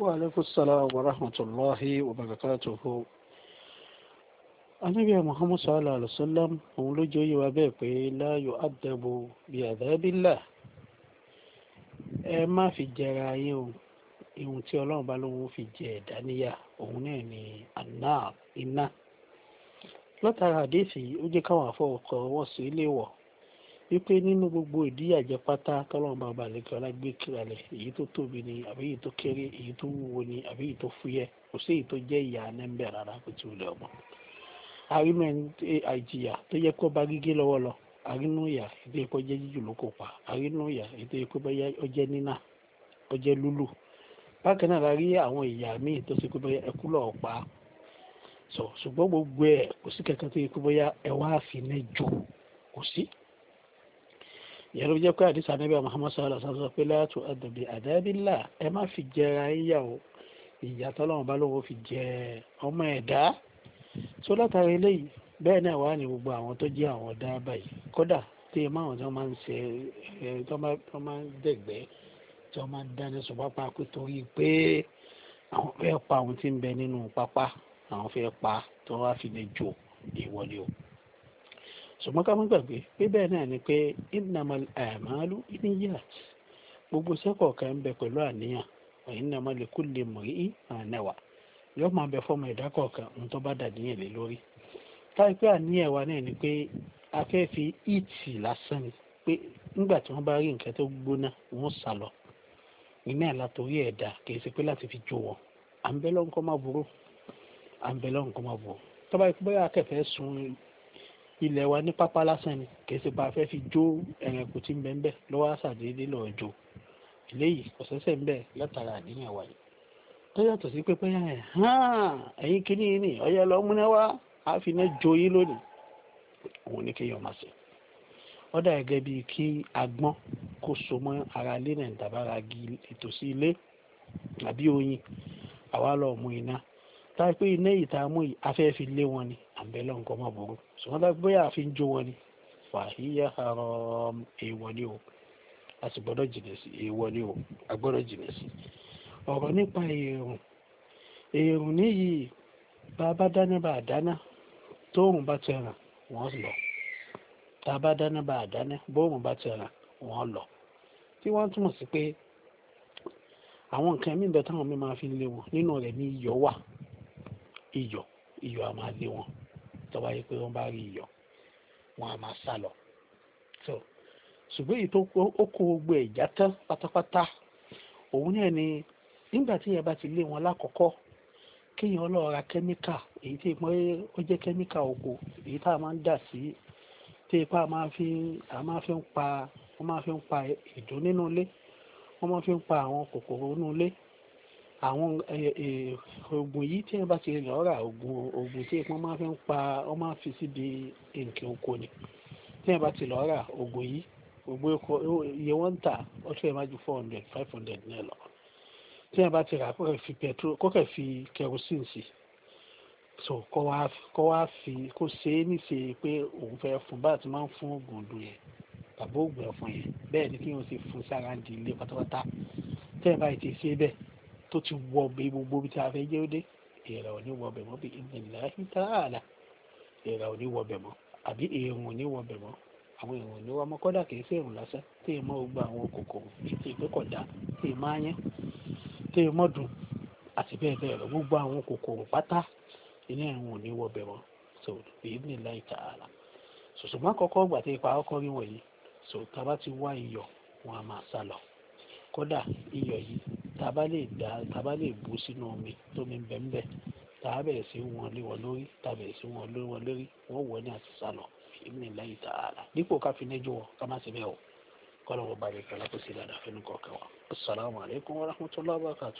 وعليكم السلام ورحمة الله وبركاته anabi muhammad sallallahu alaihi wa sallam òun ló jẹ́ yíwa bẹ́ẹ̀ pé láàyò àdàbò bíi àdábìlà ẹ má fi jẹra ayé o ihun tí ọlọ́run bá lóun fi jẹ ẹ̀dá níyà òun náà ni àná iná látara àdéhìí ó jẹ́ káwọn afọwọ́kọ wọ́n sí ilé wọ̀ wípé nínú gbogbo ìdíyàjẹ pátá tọ́lọ́run bá balẹ̀ kí ọlá gbé kalẹ̀ èyí tó tóbi ni àbí èyí tó kéré èyí tó wúwo ni àbí èyí tó fúyẹ́ kò sí èyí tó jẹ́ ìyà anẹ́ńbẹ̀ rárá kò tí ò lè ọmọ. àrínú àìjìyà tó yẹ kó bá gígé lọ́wọ́ lọ àrínú ìyà ètò ẹ̀kọ́ jẹ́ jíjù ló kò pa àrínú ètò ẹ̀kọ́ bá yá ọjẹ́ nínà ọjẹ́ lúlù bákan náà la rí àwọn ìyà míì tó ṣe pé bóyá ẹkú lọ́ọ̀ pa ìyẹn ló jẹ́ pé àdìsá níbi Muhammad sallallahu alaihi wasallam pé láàtú àdàbí àdábìlà ẹ má fi jẹra yíyà o ìyà tọ́lọ́run bá lówó fi jẹ ọmọ ẹ̀dá tó látara eléyìí bẹ́ẹ̀ náà wà ní gbogbo àwọn tó jẹ́ àwọn ọ̀dá báyìí kódà tí ẹ máa tó máa ń ṣe ẹ tó máa ń dẹ̀gbẹ́ tó máa ń dání sùn pápá kó torí pé àwọn fẹ́ pa àwọn tí ń bẹ nínú pápá àwọn fẹ́ pa tó wá fi lè jò ìwọlé o. ṣùgbọ́n ká má gbàgbé pé bẹ́ẹ̀ náà ni pé gbogbo kan bẹ pẹ̀lú àníyàn wa innama likulli ma yóò máa bẹ fọmọ ẹ̀dá kọ̀ọ̀kan ohun tó bá dàníyàn lé lórí táyì pé àníyàn wa náà ni pé ìtì lásán ni pé nígbà tí wọ́n bá rí nǹkan tó gbóná wọ́n lọ iná látòrí fi ilẹ̀ wa ní pápá lásán ni kìí ṣe bá a fẹ́ fi jó ẹ̀rẹ̀kù tí ń bẹ ń bẹ lọ́wọ́ àṣàdédé lọ́ọ́ jó eléyìí ọ̀sẹ̀sẹ̀ ń bẹ látara àníyàn wa yìí tó yàtọ̀ sí pépé yẹn ẹ̀yìn kínní ni ọ̀yẹ́ lọ múná wá á fi iná jó yín lónìí òun ni kéèyàn máa ṣe ọ̀dà gẹ́gẹ́ bíi kí agbọ́n kó so mọ́ ara ilé náà dàbára gi ìtòsí ilé àbí oyin àwa lọ mú iná táà pé iná yìí tá a mú yìí afẹ́ fi lé wọn ni àbẹ́ lọ́n kọ́ má burú ṣùgbọ́n lágbóyà àfi ń jó wọn ni fàhíyà haram èèwọ̀ ni o a sì gbọ́dọ̀ jìnà sí èèwọ̀ ni o a gbọ́dọ̀ jìnà sí. ọ̀rọ̀ nípa èrùn èrùn níyì bá a bá dáná bá a dáná tóòrùn bá ti ràn wọ́n lọ tá a bá dáná bá a dáná bóòrùn bá ti ràn wọ́n lọ tí wọ́n túmọ̀ sí pé àwọn nǹkan mí bẹ táwọn mi máa fi lé wọn nínú rẹ̀ ní iyọ̀ wà iyọ̀ iyọ̀ a máa lé tó bá yẹ pé wọ́n bá rí iyọ̀ wọ́n á máa sá lọ. so ṣùgbọ́n èyí tó ó kó gbogbo ẹ̀já tán pátápátá òun náà ni nígbà tí èèyàn bá ti lé wọn lákọ̀ọ́kọ́ kéèyàn lọ ra kẹ́míkà èyí tí pé ó jẹ́ kẹ́míkà oko èyí tá a máa ń dà sí tí ipa a máa fi a máa fi ń pa wọ́n máa fi ń pa ìdun nínú ilé wọ́n máa fi ń pa àwọn kòkòrò nínú ilé àwọn oògùn yìí tí wọ́n bá ti lọ ra oògùn oògùn tí wọ́n máa fi ń pa wọ́n máa fi síbi nǹkan oko ni tí wọ́n bá ti lọ ra oògùn yìí oògùn oko iye wọ́n ń tà ó tún yẹ má ju four hundred five hundred náà lọ tí wọ́n bá ti rà kókè fi petrol kókè fi kerosene sí so kọ́ wá kọ́ wá fi kó ṣe é níṣe pé òun fẹ́ fún bá ti máa fún oògùn ọdún yẹn tàbí oògùn ẹ̀fọn yẹn bẹ́ẹ̀ ni kí wọ́n sì fún sára di ilé pátápátá tẹ́ báyìí ti ṣe bẹ́ẹ̀ tó ti wọ ọbẹ gbogbo ibi tí a fẹ́ jẹ́ ó dé èèrà ò ní wọ ọbẹ̀ mọ́ bí ìdìláhì tààlà èèrà ò ní wọ ọbẹ̀ mọ́ àbí èèrùn ò ní wọ ọbẹ̀ mọ́ àwọn èèrùn ò ní wọ ọmọ kọ́dà kìí sí èèrùn lásán tí èèmọ́ gba àwọn kòkòrò tí èèpẹ́ kọ̀ tí èèmọ́ ayán tí èèmọ́ dùn àti bẹ́ẹ̀ bẹ́ẹ̀ lọ gbogbo àwọn kòkòrò pátá iná èèrùn ní wọ ọbẹ̀ mọ́ so bí ìdìláhì tààlà sòsòmọ́ àkọ́kọ́ gbà tí ipa àkọ́kọ́ rí wọ̀nyí so tá a bá ti wá iyọ̀ wọn a máa sá lọ kódà iyọ̀ yìí tàbá lè dá tàbá lè bù sínú omi tómi bẹ́ẹ̀nbẹ́ tàbá bẹ̀rẹ̀ sí wọn lé wọn lórí tàbá bẹ̀rẹ̀ sí wọn lé wọn lórí wọn wọ ní àti sálọ fìmí ní láyé tààlà dípò ká fi nẹ́jọ́ wọn ká má ṣe bẹ́ẹ̀ o kọ́lọ́wọ́ balẹ̀ kọ́lá kó sì dáadáa fẹ́nu kọ̀ọ̀kan wa. asalaamualeykum wa wa barakatu.